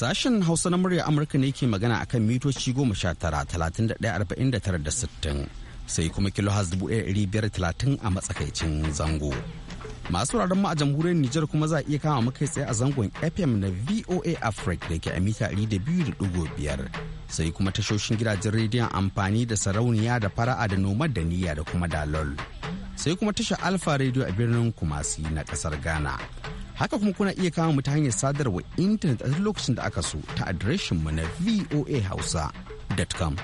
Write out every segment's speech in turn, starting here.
Sashen Hausa na murya Amurka ne ke magana akan mitoci goma sha tara talatin da ɗaya arba'in da tara da sittin sai kuma kilo has dubu ɗaya ɗari biyar talatin a matsakaicin zango. Masu wuraren mu a jamhuriyar Nijar kuma za a iya kama muka tsaye a zangon FM na VOA Africa da ke a mita ɗari da biyu da ɗigo biyar sai kuma tashoshin gidajen rediyon amfani da sarauniya da fara'a da nomad da niyya da kuma dalol. Sai kuma tashar Alfa Radio a birnin Kumasi na ƙasar Ghana. Haka kuma kuna iya kama mu ta hanyar sadarwa intanet a duk lokacin da aka so ta adireshin mu na voahausa.com.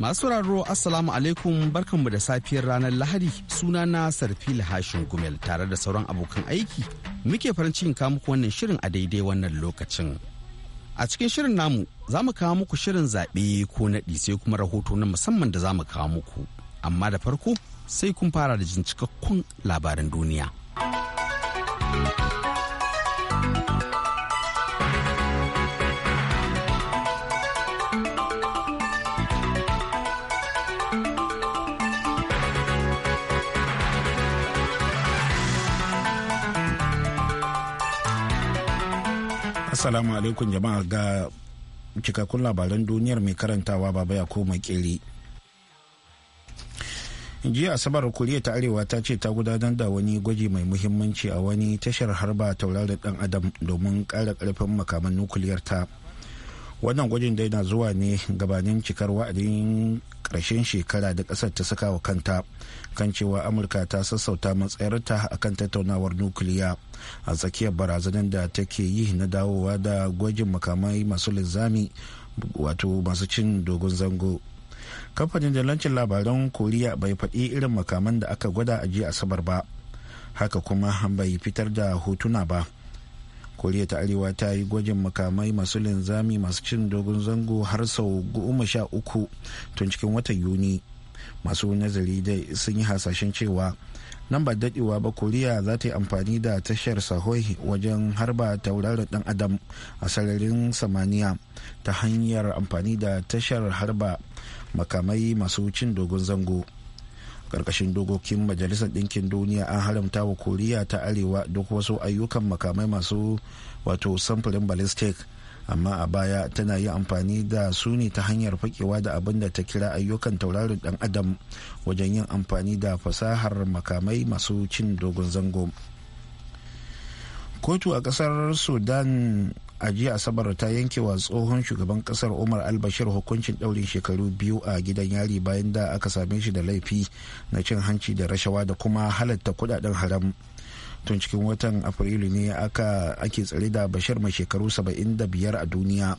Masu raro Assalamu alaikum barkanmu da safiyar ranar Lahadi suna na Sarfil Hashin Gumel tare da sauran abokan aiki muke farin cikin kawo muku wannan shirin a daidai wannan lokacin. A cikin shirin namu za mu kawo muku shirin zaɓe ko naɗi sai kuma rahoto na musamman da za mu kawo muku amma da farko sai kun fara da jin cikakkun labarin duniya. asalamu alaikum jama'a ga cikakkun labaran duniyar mai karantawa baba ya koma kiri. jiya asabar koriya ta arewa ta ce ta gudanar da wani gwaji mai muhimmanci a wani tashar harba tauraron dan adam domin kara karfin makaman nukuliyar ta wannan gwajin dai na zuwa ne gabanin cikar wa'adin karshen shekara da kasar ta saka wa kanta kan cewa amurka ta sassauta matsayarta kan tattaunawar nukiliya a tsakiyar barazanar da take yi na dawowa da gwajin makamai masu linzami wato masu cin dogon zango kamfanin dalancin labaran koriya bai faɗi irin makaman da aka gwada a jiya asabar ba haka kuma bai fitar da hotuna ba koriya ta arewa ta yi gwajin makamai masu linzami masu cin dogon zango har sau goma sha uku tun cikin watan yuni masu nazari dai sun yi hasashen cewa nan ba dadewa ba koriya za ta yi amfani da tashar sahoi wajen harba tauraron dan adam a sararin samaniya ta hanyar amfani da tashar harba makamai masu cin dogon zango karkashin dokokin majalisar ɗinkin duniya an haramta wa koriya ta arewa duk wasu ayyukan makamai masu wato samfurin ballistic amma a baya tana yi amfani da su ne ta hanyar fakewa da abin da ta kira ayyukan taurarin dan adam wajen yin amfani da fasahar makamai masu cin dogon zango kotu a kasar sudan a jiya asabar ta yanke wa tsohon shugaban kasar umar albashir hukuncin daurin shekaru biyu a gidan yari bayan da aka same shi da laifi na cin hanci da rashawa da kuma halatta kudaden haram tun cikin watan afrilu ne aka ake tsare da bashir mai shekaru 75 a duniya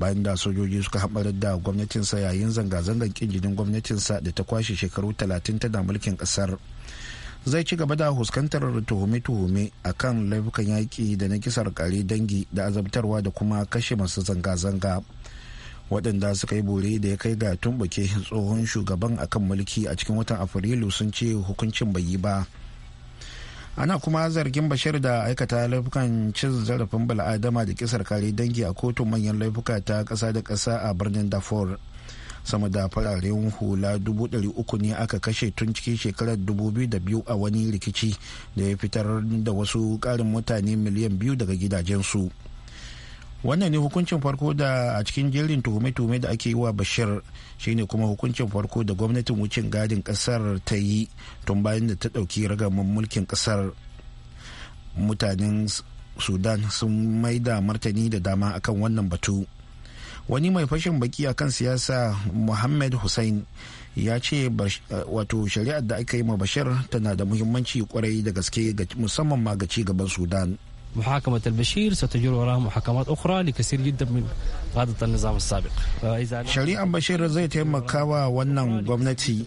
bayan da sojoji suka haɓar da gwamnatinsa yayin zanga-zangar kin jinin gwamnatinsa da ta kwashe shekaru 30 tana mulkin ƙasar. zai ci gaba da huskantar tuhume-tuhume a kan laifukan yaƙi da na kisar kare dangi da azabtarwa da kuma kashe masu zanga-zanga waɗanda suka yi bore da ya kai ga tumbuke tsohon shugaban akan mulki a cikin watan afrilu sun ce hukuncin bai yi ba ana kuma zargin bashir da aikata laifukan cin zarafin bala'adama da kisar kare dangi a kotun manyan laifuka ta ƙasa da ƙasa a birnin dafor sama da fararen hula 300 uku ne aka kashe tun cikin shekarar 2002 a wani rikici da ya fitar da wasu karin mutane miliyan biyu daga gidajensu wannan ne hukuncin farko da a cikin jerin tuhume-tuhume da ake yi wa bashir shine kuma hukuncin farko da gwamnatin wucin gadin kasar ta yi tun bayan da ta ɗauki ragaman mulkin kasar mutanen sudan sun maida martani da dama akan wannan batu wani mai fashin baki a kan siyasa muhammad hussein ya ce eh, wato shari'ar da aka yi ma bashir tana da muhimmanci kwarai da gaske musamman ma ga gaban sudan محاكمة البشير ستجر وراها محاكمات أخرى لكثير جدا من قادة النظام السابق شريعة بشير زي taimakawa كاوا gwamnati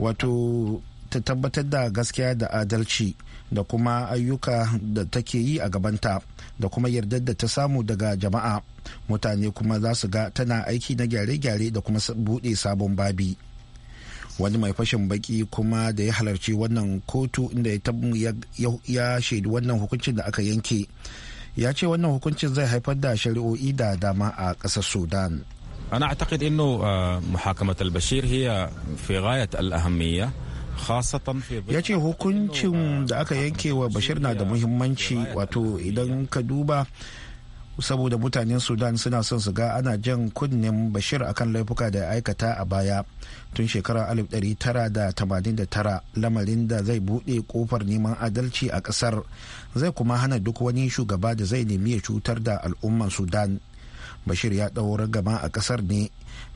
wato ta تتبتد دا غسكيا دا آدلشي دا كما أيوكا دا تكيي yi da kuma yardar da ta samu daga jama'a mutane kuma za su ga tana aiki na gyare-gyare da kuma buɗe sabon babi wani mai fashin baki kuma da ya halarci wannan kotu inda ya ya shaidu wannan hukuncin da aka yanke ya ce wannan hukuncin zai haifar da shari'o'i da dama a ƙasar sudan ana أعتقد أنه محاكمة البشير هي في غاية الأهمية ya ce hukuncin da aka yanke wa bashir na da muhimmanci wato idan ka duba saboda mutanen sudan suna son su ga ana jan kunnen bashir akan laifuka da aikata a baya tun shekarar 1989 lamarin da zai bude kofar neman adalci a kasar zai kuma hana duk wani shugaba da zai nemi ya cutar da al'umman sudan bashir ya ɗaura gama a kasar ne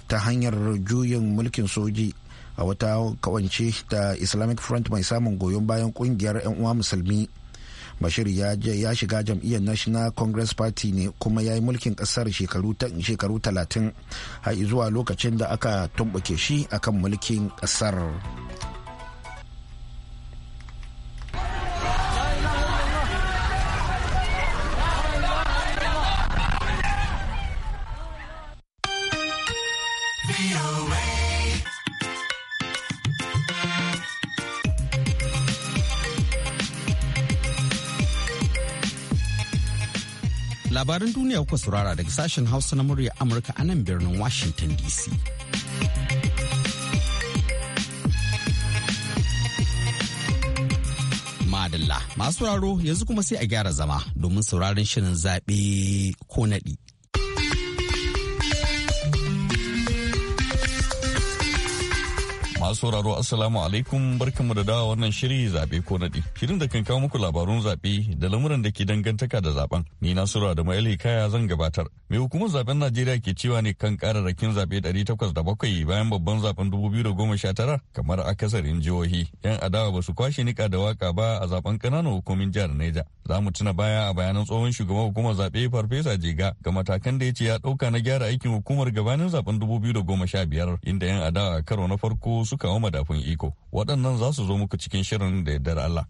ta hanyar juyin mulkin soji a wata kawance da islamic front mai samun goyon bayan kungiyar 'yan uwa musulmi bashir ya shiga jam'iyyar national congress party ne kuma ya yi mulkin kasar shekaru talatin har zuwa lokacin da aka tumbuke shi akan mulkin kasar labaran duniya kuka saurara daga sashen Hausa na murya Amurka a nan birnin Washington DC. Madalla masu sauraro yanzu kuma sai a gyara zama domin sauraron shirin zaɓe ko naɗi Masu sauraro Assalamu alaikum barkamu da dawa wannan shiri zabe ko nadi. Shirin da kan kawo muku labarun zabe da lamuran da ke dangantaka da zaben. Ni na sura da Maili Kaya zan gabatar. Mai hukumar zaben Najeriya ke cewa ne kan kararrakin zabe 807 bayan babban zaben 2019 kamar akasarin jihohi. Yan adawa ba su kwashe nika da waka ba a zaben kananan hukumin jihar Neja. Za mu tuna baya a bayanan tsohon shugaban hukumar zabe Farfesa Jega ga matakan da ya ce ya dauka na gyara aikin hukumar gabanin zaben 2015 inda yan adawa karo na farko suka kama madafun iko waɗannan za su zo muku cikin shirin da ya yardar Allah.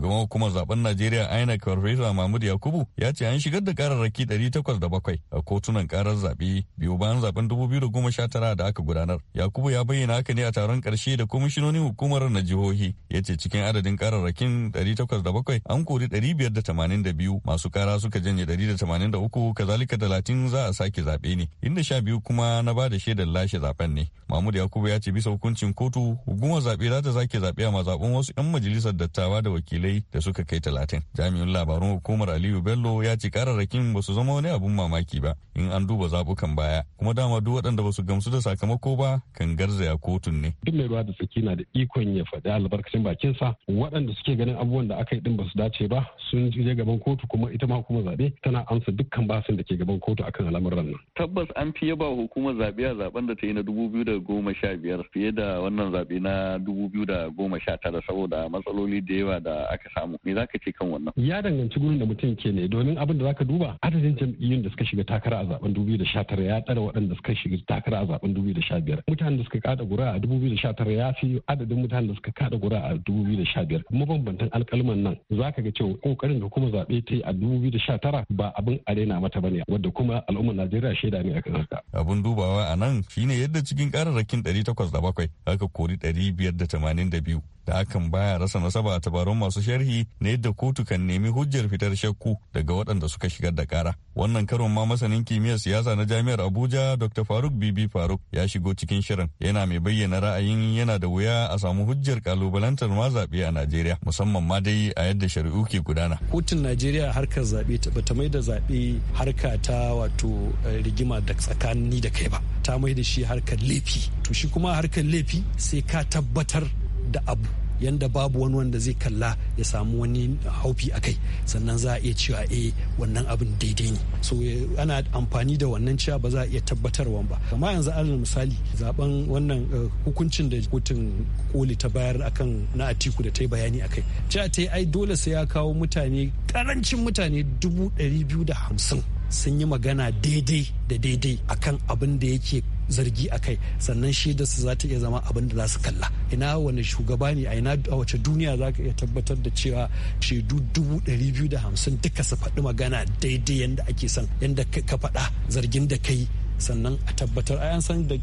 shugaban hukumar zaben najeriya inec farfesa mahmud yakubu ya ce an shigar da kararraki 807 a kotunan karar zaɓe biyu bayan zaben 2019 da aka gudanar yakubu ya bayyana haka ne a taron ƙarshe da kwamishinonin hukumar na jihohi ya ce cikin adadin kararrakin 807 an kori 582 masu kara suka janye 183 kazalika 30 za a sake zaɓe ne inda 12 kuma na ba da shaidar lashe zaben ne mahmud yakubu ya ce bisa hukuncin kotu hukumar zaɓe za ta sake zaɓe a wasu 'yan majalisar dattawa da wakilai labarai da suka kai talatin jami'in labarun hukumar aliyu bello ya ce kararrakin ba su zama wani abun mamaki ba in an duba zabukan baya kuma dama duk waɗanda ba su gamsu da sakamako ba kan garzaya kotun ne duk mai ruwa da tsaki na da ikon ya faɗi albarkacin bakinsa waɗanda suke ganin abubuwan da aka yi din ba su dace ba sun je gaban kotu kuma ita ma hukumar zaɓe tana amsa dukkan basin da ke gaban kotu akan al'amuran nan tabbas an fi yaba hukumar zaɓe a zaben da ta yi na dubu biyu da goma sha biyar fiye da wannan zaɓe na dubu biyu da goma sha tara saboda matsaloli da yawa da aka ka samu me zaka ce kan wannan ya danganci gurin da mutum ke ne domin abin da zaka duba adadin jam'iyyun da suka shiga takara a zaben 2019 ya tsara waɗanda suka shiga takara a zaben 2015 mutanen da suka kada gura a 2019 ya fi adadin mutanen da suka kada gura a 2015 mabambantan alƙalman nan zaka ga cewa kokarin da kuma zabe ta yi a 2019 ba abin arena mata bane wadda kuma al'ummar Najeriya shaida ne akan haka abun dubawa a nan shine yadda cikin kararrakin 807 aka kori 582 da hakan baya rasa nasaba a tabarun masu sharhi na yadda kotu kan nemi hujjar fitar shakku daga waɗanda suka shigar da kara. Wannan karon ma masanin kimiyyar siyasa na jami'ar Abuja Dr. Faruk Bibi Faruk ya shigo cikin shirin yana mai bayyana ra'ayin yana da wuya a samu hujjar kalubalantar ma zaɓe a Najeriya musamman ma dai a yadda shari'u ke gudana. Kotun Najeriya harkar zaɓe ba ta mai da zaɓe harka ta wato eh, rigima da tsakanin da kai ba ta mai da shi harkar laifi to shi kuma harkar laifi sai ka tabbatar da abu yanda babu wani wanda zai kalla ya samu wani haufi a kai sannan za a iya cewa eh wannan abin daidai ne so eh, ana amfani da wannan cewa ba za a iya tabbatarwa ba amma yanzu alal misali zaben wannan eh, hukuncin da kotun koli ta bayar akan na atiku da ta yi bayani kai. cewa ta ai dole sai ya kawo mutane karancin mutane dubu ɗari biyu da hamsin sun yi magana daidai da daidai akan abin da yake zargi a kai sannan su za ta iya zama abin da za su kalla ina wani shugaba ne a ina a wace duniya za ka iya tabbatar da cewa shaidu dubu ɗari biyu da hamsin duka su faɗi magana daidai yadda ake san yadda ka faɗa zargin da kai sannan a tabbatar a yan san da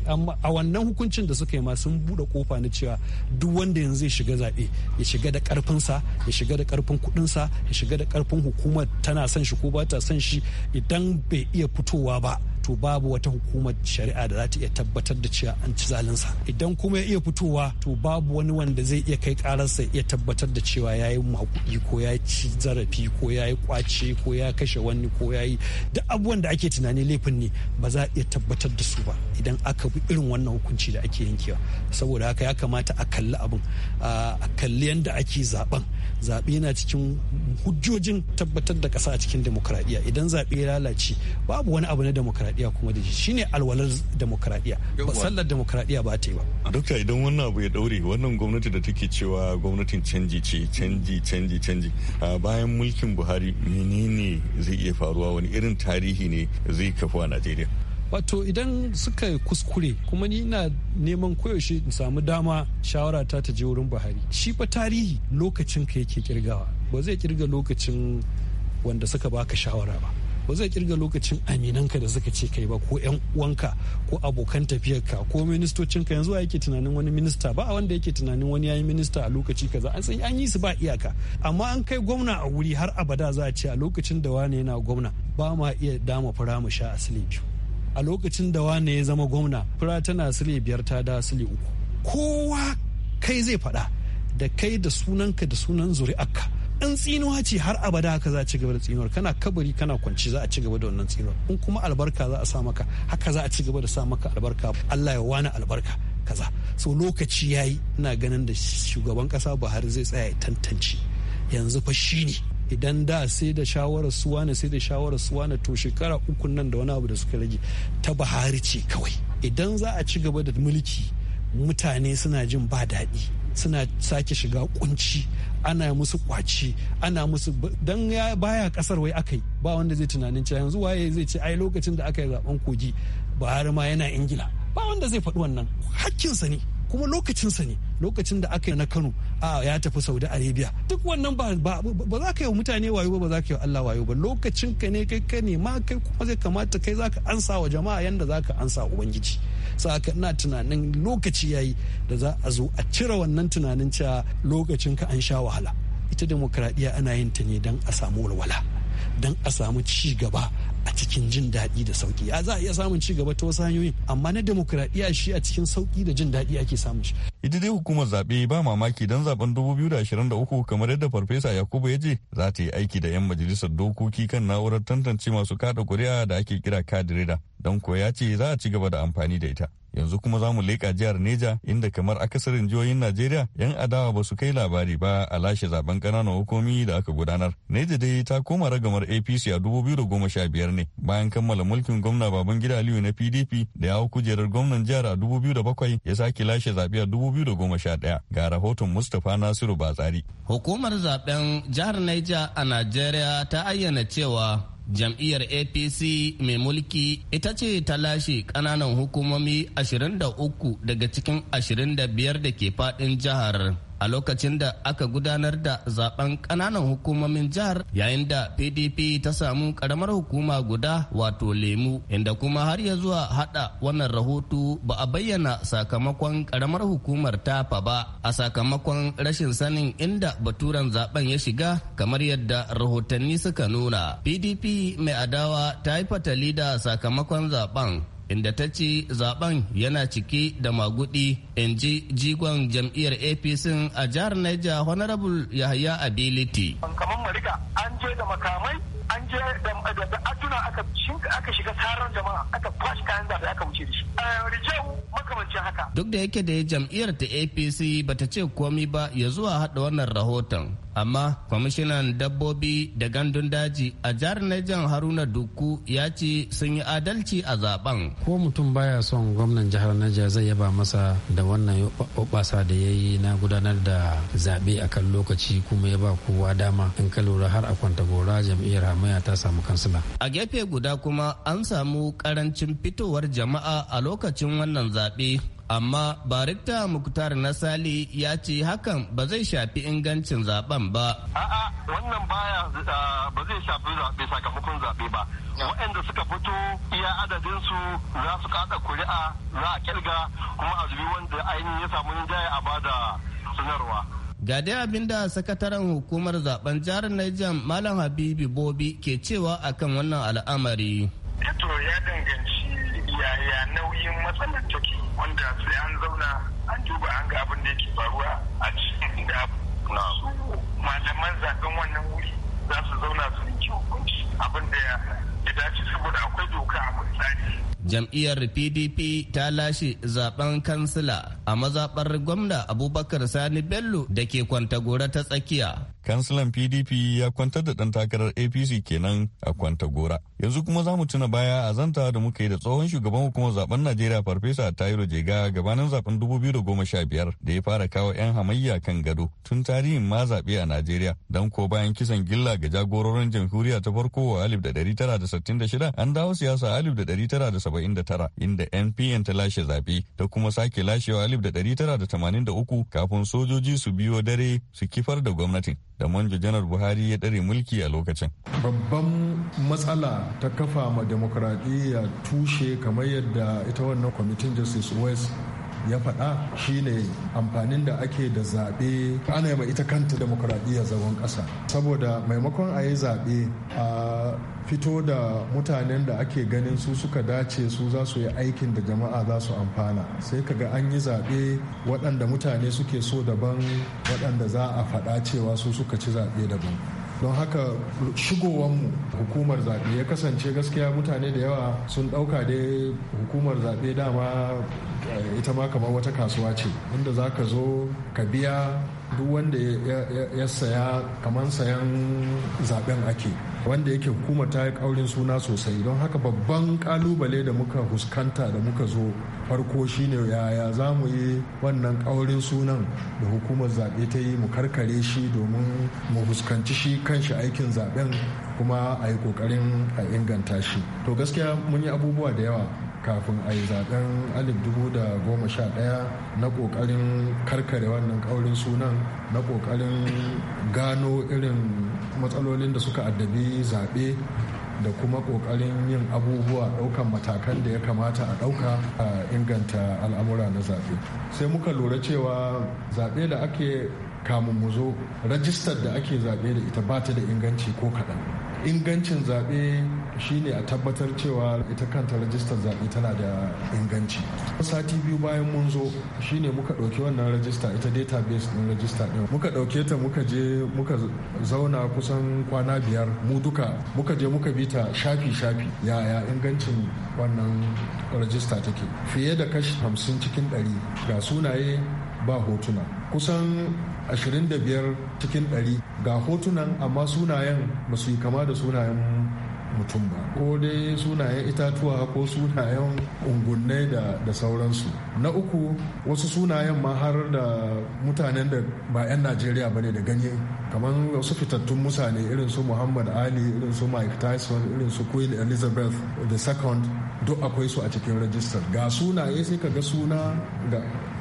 a wannan hukuncin da suka yi ma sun bude kofa na cewa duk wanda yanzu ya shiga zaɓe ya shiga da karfinsa ya shiga da karfin kuɗinsa ya shiga da karfin hukumar tana son shi ko ba ta son shi idan bai iya fitowa ba to babu wata hukumar shari'a da za ta iya tabbatar da cewa an ci zalinsa idan kuma ya iya fitowa to babu wani wanda zai iya kai kararsa ya tabbatar da cewa ya yi makuɗi ko ya ci zarafi ko ya yi kwace ko ya kashe wani ko ya yi da abubuwan da ake tunani laifin ne ba za a iya tabbatar da su ba idan aka bi irin wannan hukunci da ake yankewa saboda haka ya kamata a kalli abin a kalli yadda ake zaben zaɓe yana cikin hujjojin tabbatar da ƙasa a cikin demokradiyya idan zaɓe ya lalace babu wani abu na demokradiyya demokradiyya kuma da shi ne alwalar demokradiyya ba sallar demokradiyya ba ta yi ba dokta idan wannan abu ya daure wannan gwamnati da take cewa gwamnatin canji ce canji canji canji bayan mulkin buhari menene zai iya faruwa wani irin tarihi ne zai kafa a najeriya wato idan suka kuskure kuma ni na neman koyaushe in samu dama shawara ta ta je wurin buhari shi fa tarihi lokacin ka yake kirgawa ba zai kirga lokacin wanda suka baka shawara ba ba zai kirga lokacin aminanka da suka ce kai ba ko yan uwanka ko abokan tafiyarka ko ministocinka yanzu a yake tunanin wani minista ba a wanda yake tunanin wani yayi minista a lokaci kaza an san an yi su ba iyaka amma an kai gwamna a wuri har abada za a ce a lokacin da wane yana gwamna ba ma iya dama fura mu sha asali biyu a lokacin da wane ya zama gwamna fura tana asali biyar ta da asali uku kowa kai zai faɗa da kai da sunanka da sunan zuri'arka Ɗan tsinuwa ce har abada haka za a ci gaba da tsinuwar kana kabari kana kwanci za a ci gaba da wannan tsinuwar in kuma albarka za a sa maka haka za a ci gaba da sa maka albarka Allah ya wani albarka kaza so lokaci yayi ina ganin da shugaban kasa Buhari zai tsaya ya tantance yanzu fa shine idan da sai da shawarar suwa ne sai da shawarar suwa ne to shekara uku nan da wani abu da suka rage ta Buhari ce kawai idan za a ci gaba da mulki mutane suna jin ba daɗi suna sake shiga kunci ana musu kwaci ana musu don ya baya kasar wai aka yi ba wanda zai tunanin cewa yanzu waye zai ce ai lokacin da aka yi zaben kogi Buhari ma yana Ingila ba wanda zai faɗi wannan hakkinsa ne kuma lokacinsa ne lokacin da aka yi na Kano a ya tafi Saudi Arabia duk wannan ba ba za ka yi mutane wayo ba za ka yi Allah wayo ba lokacin ka ne kai ka ne ma kai kuma zai kamata kai za ka ansa wa jama'a yanda za ka ansa Ubangiji. saka ina tunanin lokaci yayi da za a zo a cire wannan tunanin cewa lokacin ka an sha wahala ita demokradiyya ana yin ta ne don a samu walwala don a samu ci gaba a cikin jin daɗi da sauki a za a iya samun ci gaba ta wasu hanyoyin amma na demokuraɗiyya shi a cikin sauki da jin daɗi ake samun shi. ita dai hukumar zaɓe ba mamaki don zaben uku kamar yadda farfesa yakubu ya je za ta yi aiki da 'yan majalisar dokoki kan na'urar tantance masu kada kuri'a da ake kira kadireda don ko ya ce za a ci gaba da amfani da ita yanzu kuma za mu leƙa jihar neja inda kamar akasarin jihohin najeriya 'yan adawa ba su kai labari ba a lashe zaben ƙananan hukumi da aka gudanar neja dai ta koma ragamar apc a 2015 ne bayan kammala mulkin gwamna Babangida Aliyu na PDP da ya hau kujerar gwamnan jihar a 2007 ya sake lashe zaɓe a 2011 ga rahoton Mustapha Nasiru Batsari. Hukumar zaɓen jihar Niger a Najeriya ta ayyana cewa jam'iyyar apc mai mulki ita ce ta lashe ƙananan hukumomi 23 daga cikin 25 da ke faɗin jihar a lokacin da aka gudanar da zaben kananan hukumomin jihar yayin da pdp ta samu karamar hukuma guda wato lemu inda kuma har ya zuwa hada wannan rahoto ba a bayyana sakamakon karamar hukumar tafa ba a sakamakon rashin sanin inda baturen zaben ya shiga kamar yadda rahotanni suka nuna pdp mai adawa ta yi fatali da sakamakon zaben inda ta ce zaben yana cike da magudi in ji jigon jam'iyyar apc a jihar naija honorable yahaya ability kamar marika an je da makamai an je da atuna aka shiga sarar jama'a aka kwashi kayan zaɓe aka wuce da shi eh, rijau makamancin haka duk da yake da jam'iyyar ta apc bata ce komi ba ya zuwa haɗa wannan rahoton amma kwamishinan dabbobi da gandun daji a jihar Niger Haruna Duku ya ce sun yi adalci a zaben. Ko mutum baya son gwamnan jihar Niger zai yaba masa da wannan obasa da ya yi na gudanar da zaɓe a kan lokaci kuma ya ba kowa dama in ka lura har a kwanta gora jam'iyyar hamaya ta samu kansila. A gefe guda kuma an samu karancin fitowar jama'a a lokacin wannan zaɓe amma Barikta muktar nasali ya ce hakan ba zai shafi ingancin zaben ba a'a wannan baya ah, ba zai shafi zaɓe sakamakon zaɓe ba waɗanda suka fito iya adadin su za su kada kuri'a za a kirga kuma a zubi wanda ainihin ya samu jaya a bada sanarwa ga dai abin da sakataren hukumar zaben jihar Niger Malam Habibi Bobi ke cewa akan wannan al'amari. Ito ya danganci yaya jam'iyyar pdp ta lashe zaben kansila a mazaɓar gwamna abubakar sani bello da ke kwantagora ta tsakiya kansilan pdp ya kwantar da ɗan takarar apc kenan a kwanta gora yanzu kuma za mu tuna baya a zanta da muka yi da tsohon shugaban hukumar zaben najeriya farfesa tayiro jega gabanin zaben 2015 da ya fara kawo 'yan hamayya kan gado tun tarihin ma zaɓe a najeriya don ko bayan kisan gilla ga jagororin jamhuriya ta farko a 1966 an dawo siyasa a 1979 inda npn ta lashe zaɓe ta kuma sake lashewa 1983 kafin sojoji su biyo dare su kifar da gwamnatin da manja janar buhari ya ɗare mulki a lokacin babban matsala ta kafa ma demokradiyya tushe kamar yadda ita wannan kwamitin justice west ya faɗa shine amfanin da ake da zaɓe ana yi ita kanta demokuraɗiyya zagon ƙasa saboda maimakon a yi zaɓe a fito da mutanen da ake ganin su suka dace su za su yi aikin da jama'a za su amfana sai kaga an yi zaɓe waɗanda mutane suke so daban waɗanda za a faɗa cewa su suka ci zaɓe daban don haka shigowanmu hukumar zaɓe ya kasance gaskiya mutane da yawa sun ɗauka dai hukumar zaɓe dama eh, ita ma kamar wata kasuwa ce inda za ka zo ka biya duk wanda ya saya kamar sayan zaɓen ake wanda yake hukuma ta yi kaurin suna sosai don haka babban kalubale da muka huskanta da muka zo farko shine yaya za mu yi wannan kaurin sunan da hukumar zaɓe ta yi mu karkare shi domin mu huskanci shi kanshi aikin zaɓen kuma a yi ƙoƙarin a inganta shi to gaskiya mun yi abubuwa da yawa kafin a yi zaben 2011 na kokarin karkare wannan ƙaurin sunan na kokarin gano irin matsalolin da suka addabi zaɓe da kuma kokarin yin abubuwa ɗaukan matakan da ya kamata a ɗauka a inganta al'amura na zaɓe sai muka lura cewa zaɓe da ake kamun mu zo rajistar da ake zaɓe da ita ba ta da inganci ko kaɗan ingancin zaɓe shine a tabbatar cewa ita kanta rajistar zaɓe tana da inganci sati biyu bayan mun zo shine muka ɗauki wannan rajista ita database ɗin rajista ɗin muka ɗauke ta muka je muka zauna kusan kwana biyar mu duka muka je muka bi ta shafi-shafi yaya ingancin wannan rajista take fiye da kashi hamsin cikin ɗari ga sunaye ba hotuna kusan 25 cikin ɗari, ga hotunan amma sunayen ba su yi kama da sunayen mutum ba ko dai sunayen itatuwa ko sunayen ungunnai da, da sauransu na uku wasu sunayen ma har da mutanen da ba 'yan najeriya ba ne da ganye kamar wasu fitattun mutane irin su muhammad ali irin su mike tyson irin su queen elizabeth the second duk akwai su a cikin rajistar ga sunaye sai ka ga suna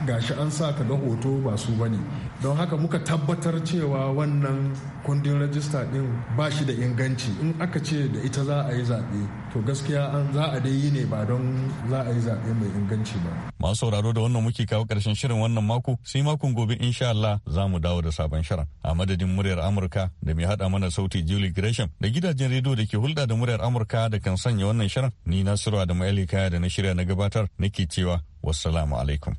ga shi an sa ka ga hoto ba su bane don haka muka tabbatar cewa wannan kundin rajista din ba shi da inganci in aka ce da ita za a yi zaɓe to gaskiya an za a dai yi ne ba don za a yi zaɓe mai inganci ba. Masu sauraro da wannan muke kawo ƙarshen shirin wannan mako sai makon gobe insha Allah za mu dawo da sabon shirin. A madadin muryar Amurka da mai haɗa mana sauti juli Gresham da gidajen rediyo da ke hulɗa da muryar Amurka da kan sanya wannan shirin ni Nasiru da Ma'ali Kaya da na shirya na gabatar nake cewa wassalamu alaikum.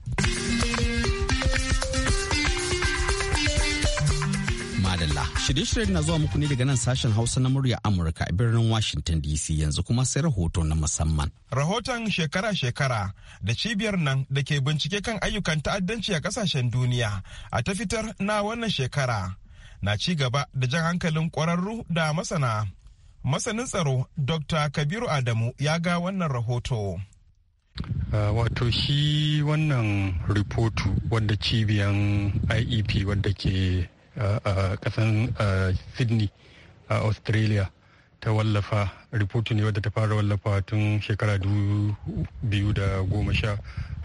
Madalla. Shirye-shiryen na zuwa muku ne daga nan sashen Hausa na murya Amurka a birnin Washington DC yanzu kuma sai rahoto na musamman. Rahoton shekara-shekara da cibiyar nan da ke bincike kan ayyukan ta'addanci a kasashen duniya a ta fitar na wannan shekara na ci gaba da jan hankalin kwararru da masana. Masanin tsaro Dr. Kabiru Adamu ya ga wannan rahoto. Uh, wato shi wannan ripotu wanda cibiyan iep wadda ke a kasan sydney a australia ta wallafa rubutu ne wadda ta fara wallafa tun shekara biyu da goma sha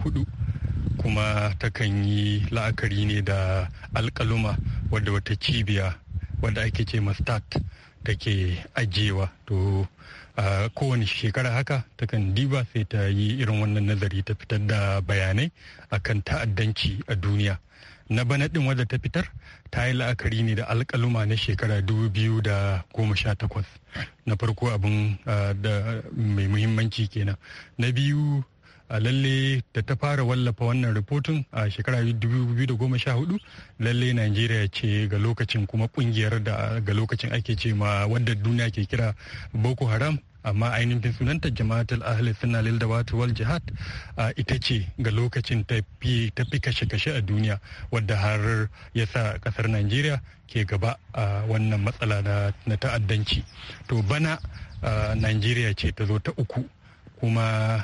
hudu kuma takan yi la'akari ne da alkaluma wadda wata cibiya wadda ake ce mastat take ajiyewa to a kowane shekara haka takan diba sai ta yi irin wannan nazari ta fitar da bayanai akan ta'addanci a duniya na bana din wadda ta fitar ta yi la'akari ne da alkaluma na shekara 2018 na farko abin ah, da mai muhimmanci kenan na biyu a lalle da ta fara wallafa wannan rahoton a shekara 2014 lalle najeriya ce ga lokacin kuma kungiyar da ga lokacin ake ce ma wadda duniya ke kira boko haram amma ainihin sunanta jama'atul ahli sunna lil dawati wal jihad ita ce ga lokacin ta fi kashe-kashe a duniya wadda har ya sa kasar Najeriya ke gaba a wannan matsala na ta'addanci to bana Najeriya ce ta zo ta uku kuma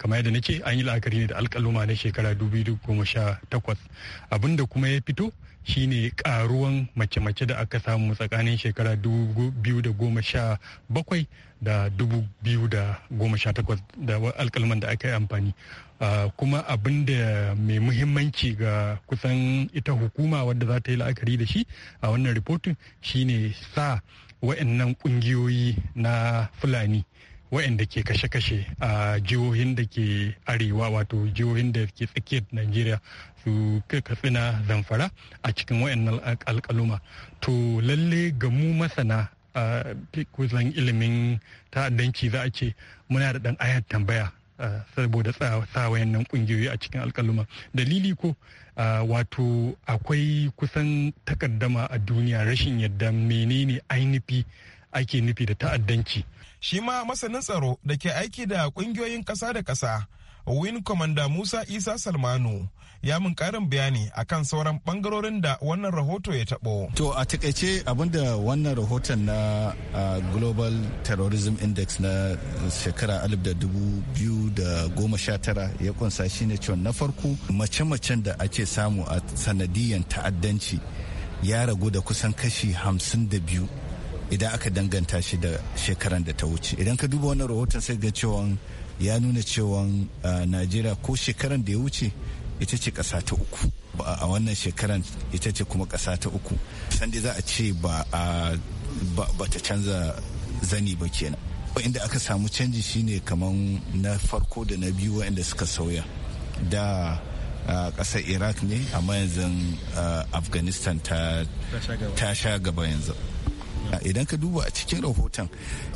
kamar yadda nake an yi la'akari ne da alƙaluma na shekara 2018 abinda kuma ya fito shine karuwan mace-mace da aka samu tsakanin shekara 2017 da 2018 da alkalman da aka yi amfani kuma abinda mai muhimmanci ga kusan ita hukuma wadda za ta yi la'akari da shi a wannan ripotin shine sa wa'annan kungiyoyi na fulani waɗanda ke kashe-kashe a jihohin da ke arewa wato jihohin da ke tsakiyar najeriya su katsina zamfara a cikin waɗannan alkaluma to lalle ga mu masana kusan ilimin ta'addanci za a ce muna da ɗan ayar tambaya saboda sa wayannan ƙungiyoyi a cikin alkaluma dalili ko wato akwai kusan takaddama a duniya rashin yadda menene ainihi ake nufi da ta'addanci shi ma masanin tsaro da ke aiki da kungiyoyin ƙasa da ƙasa win commander musa isa salmanu ya mun karin bayani akan sauran bangarorin da wannan rahoto ya tabo. To a takaice abinda wannan rahoton na Global Terrorism Index na shekara alif da dubu goma sha tara ya kunsa shine cewa na farko mace-macen da ake samu a sanadiyan ta'addanci ya ragu da kusan kashi hamsin da biyu. idan aka danganta shi da shekaran da ta wuce idan ka duba wannan rahoton sai ga cewa ya nuna cewa najeriya ko shekaran da ya wuce ita ce ƙasa ta uku a wannan shekaran ita ce kuma kasa ta uku sanda za a ce ba ta canza zani ba kenan inda aka samu canji shine kamar na farko da na biyu waɗanda suka sauya da kasar iraq ne amma yanzu afghanistan ta sha gaba yanzu idan ka duba a cikin rahoton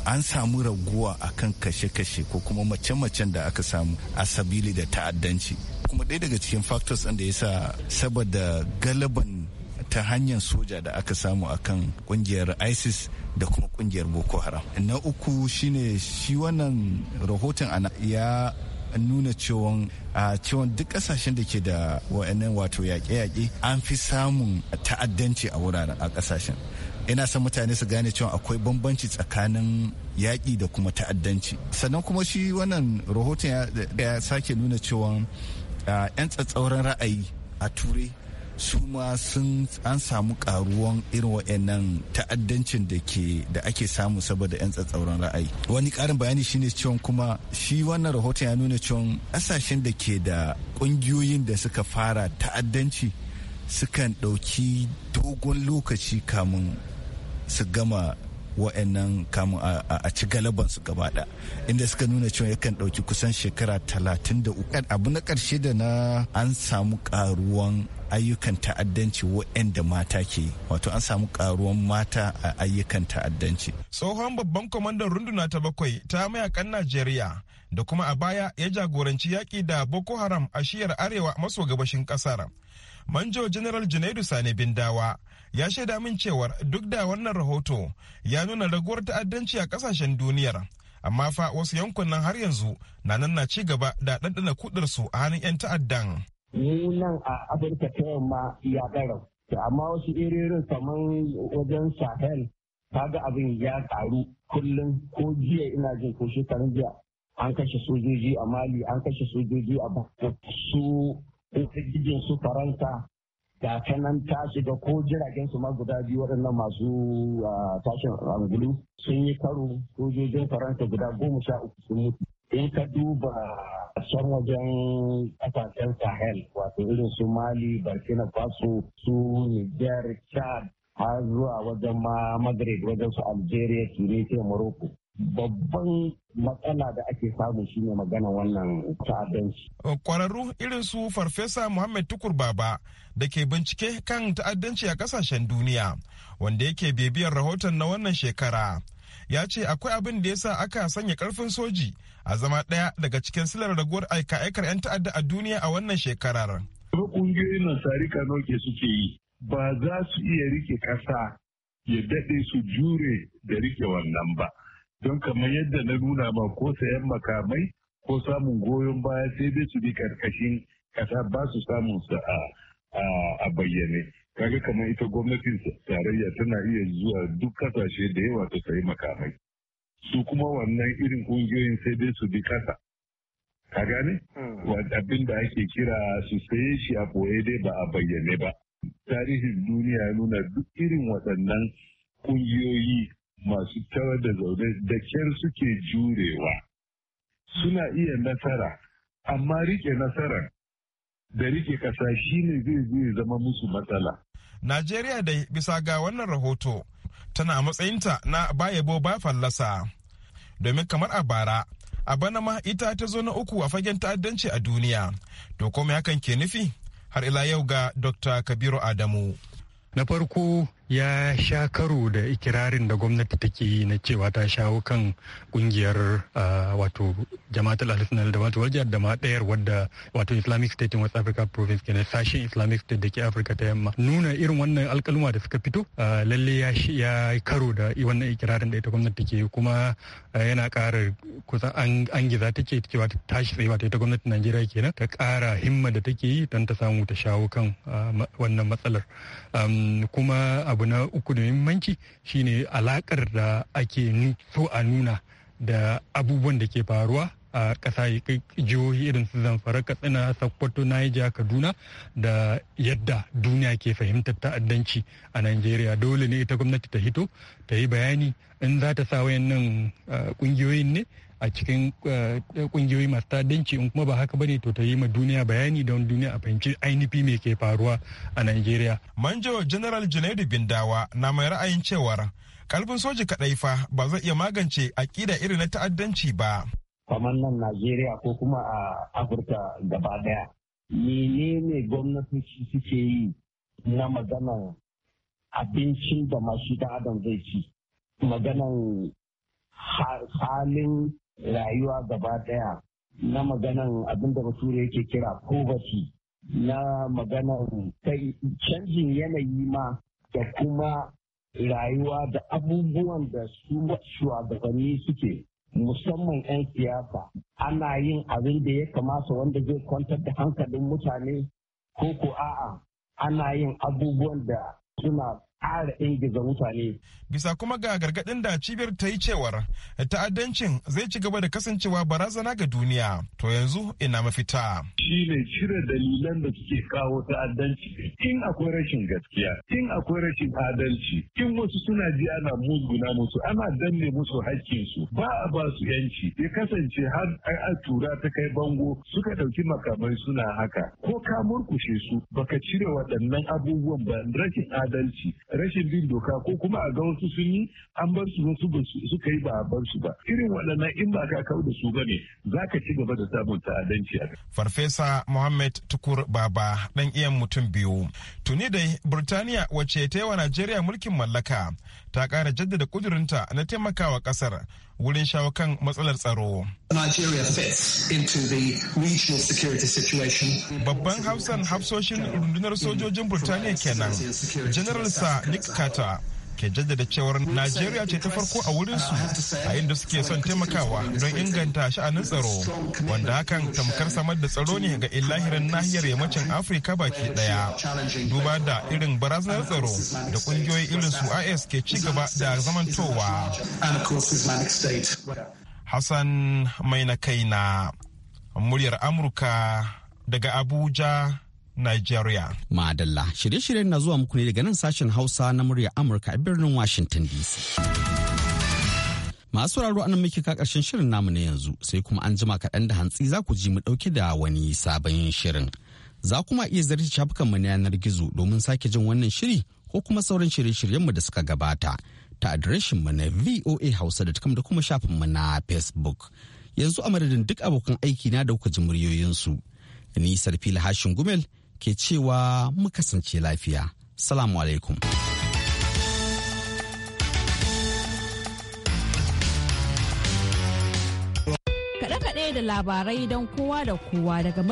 an samu raguwa akan kashe-kashe ko kuma mace-macen da aka samu a sabili da ta'addanci kuma ɗaya daga cikin factors ɗin da ya sa saboda galaban ta hanyar soja da aka samu a kan kungiyar isis da kuma kungiyar boko haram na uku shine shi wannan rahoton ya nuna cewa a duk kasashen da ke da wa'annan wato yaƙe-yaƙe an fi samun ta'addanci a wuraren a kasashen ina son mutane su gane cewa akwai bambanci tsakanin yaƙi da kuma ta'addanci sannan kuma shi wannan rahoton ya sake nuna cewa 'yan tsatsauran ra'ayi a turai su ma sun an samu karuwan irin wa'annan ta'addancin da ke da ake samu saboda 'yan tsatsauran ra'ayi wani karin bayani shine cewa kuma shi wannan rahoton ya nuna cewa kasashen da ke da kungiyoyin da suka fara ta'addanci sukan ɗauki dogon lokaci kamun su gama wa'annan kamun a ci galaban su gaba inda suka nuna cewa yakan ɗauki kusan shekara talatin da uku abu na ƙarshe da na an samu ƙaruwan ayyukan ta'addanci wa'anda mata ke wato an samu karuwan mata a ayyukan ta'addanci tsohon babban kwamandan runduna ta bakwai ta mayakan najeriya da kuma a baya ya jagoranci yaƙi da boko haram a shiyar arewa maso gabashin ƙasar manjo general junaidu sani bindawa ya shaida min cewar duk da wannan rahoto ya nuna raguwar ta'addanci a kasashen duniyar amma fa wasu yankunan har yanzu na nan na ci gaba da ɗanɗana kudarsu a hannun 'yan ta'addan. mu a afirka ta yamma ya ɗara amma wasu irin kamar wajen sahel kaga abin ya karu kullum ko jiya ina jin ko shekarun jiya an kashe sojoji a mali an kashe sojoji a su in ta gidin su faransa ga ta nan ta shiga ko jiragen su ma guda biyu waɗannan masu tashin rangulu sun yi karo sojojin faransa guda goma sha uku sun mutu in ka duba can wajen kasashen sahel wato irin su mali burkina faso su niger chad har zuwa wajen ma madrid wajen su algeria tunisia morocco babban matsala da ake samu shine magana wannan ta'addanci. Kwararru irin su Farfesa Muhammad Tukur Baba da ke bincike kan ta'addanci a kasashen duniya wanda yake bibiyar rahoton na wannan shekara. Ya ce akwai abin da ya sa aka sanya karfin soji a zama ɗaya daga cikin silar raguwar aika-aikar 'yan ta'adda a duniya a wannan shekarar. ƙungiyoyin nan noke suke yi ba za su iya rike ƙasa ya daɗe su jure da rike wannan ba. don kamar yadda na nuna ma ko sayan makamai ko samun goyon baya sai dai su bi karkashin kasa ba su samun su a bayyane kaga kamar ita gwamnatin tarayya tana iya zuwa duk kasashe da yawa ta sayi makamai su kuma wannan irin kungiyoyin sai dai su bi kasa ka gane hmm. abin da ake kira su saye shi a boye dai ba a bayyane ba tarihin duniya nuna duk irin waɗannan kungiyoyi masu tawar da zaune da kyar suke jurewa suna iya nasara amma rike nasarar da rike ƙasa shine zai zai zama musu matsala. Najeriya da bisa ga wannan rahoto tana matsayinta na bayabo ba fallasa domin kamar a bara a bana ma ita ta zo na uku a fagen ta'addanci a duniya to kuma hakan ke nufi har ila yau ga dr kabiru adamu na farko ya sha karo da ikirarin da gwamnati take yi na cewa ta shawo kan kungiyar uh, wato jama'atul al da wato waljihar da ma ɗayar wadda wato islamic state in west africa province kenan sashen islamic state da ke afirka ta yamma nuna irin wannan alkaluma da suka fito uh, lalle ya karo da wannan ikirarin da ita gwamnati take kuma uh, yana ƙara kusa an giza take cewa ta tashi tsaye wato ita gwamnatin najeriya kenan ta ƙara himma da take yi don ta samu ta shawo kan wannan matsalar um, kuma abu na uku da muhimmanci shine alakar da ake so a nuna da abubuwan da ke faruwa a ƙasa jihohi irin su zamfara katsina sakkwato naija kaduna da yadda duniya ke fahimtar ta'addanci a najeriya dole ne ita gwamnati ta hito ta yi bayani in za ta sa nan eh, ƙungiyoyin ne a cikin kungiyoyi eh, eh, masu ta'addanci in kuma ba haka bane to ta yi ma duniya bayani don duniya a fahimci ainihi me ke faruwa a Najeriya. Manjo General Junaidu Bindawa na mai ra'ayin cewar kalbin soji kaɗai fa ba zai iya magance aƙida irin na ta'addanci ba. Kamar nan Najeriya ko kuma a Afirka gaba daya. ne gwamnatoci suke yi na maganar abincin da mashi da zai ci maganan halin rayuwa gaba ɗaya na maganan abinda bature yake kira poverty na maganan kai canjin yanayi ma da kuma rayuwa da abubuwan da su shugabanni suke musamman 'yan siyasa ana yin abin da ya kamata wanda zai kwantar da hankalin mutane ko ko a'a ana yin abubuwan da suna ƙara ingiza mutane. Bisa kuma ga gargaɗin da cibiyar ta yi cewar ta'addancin zai ci gaba da kasancewa barazana ga duniya. To yanzu ina mafita. Shi ne cire dalilan da suke kawo ta'addanci. In akwai rashin gaskiya, in akwai rashin adalci, in wasu suna ji ana musguna musu, ana danne musu haƙƙinsu, ba a ba su yanci. Ya kasance har a tura ta kai bango suka ɗauki makamai suna haka. Ko ka murkushe su, baka cire waɗannan abubuwan ba rashin adalci, rashin bin doka ko kuma a ga wasu sun yi an bar su wasu suka yi ba a bar su ba irin waɗannan in ba ka kau da su ba ne za ka ci gaba da samun ta'addanci a farfesa mohammed tukur baba ɗan iyan mutum biyu tuni dai burtaniya wacce ta yi wa najeriya mulkin mallaka ta ƙara jaddada kudurinta na taimakawa ƙasar wurin shawo kan matsalar tsaro. Babban hafsan hafsoshin rundunar sojojin Burtaniya kenan, General Sir Nick Carter ke jaddada cewar Najeriya ce ta farko a wurin su a inda suke son taimakawa don inganta sha'anin tsaro wanda hakan tamkar samar da tsaro ne ga illahirin nahiyar yammacin Afirka baki daya. Duba da irin barazanar tsaro da kungiyoyi irin su IS ke ci gaba da zamantowa. Hassan mai kaina muryar Amurka daga Abuja, Nigeria. Madalla, shirye-shiryen na zuwa muku ne daga nan sashen Hausa na murya Amurka a birnin Washington DC. Masu raro anan muke ka karshen shirin namu na yanzu sai kuma an jima kaɗan da hantsi za ku ji mu ɗauke da wani sabon shirin. Za kuma iya zarta mu na yanar gizo domin sake jin wannan shiri ko kuma sauran shirye shiryen mu da suka gabata ta mu na voahausa.com da kuma shafin mu na Facebook. Yanzu a madadin duk abokan aiki na da kuka ji muryoyinsu. Ni Sarfila Hashin Gumel ke cewa mu kasance lafiya. Salamu alaikum. Kaɗe-kaɗe da labarai don kowa da kowa daga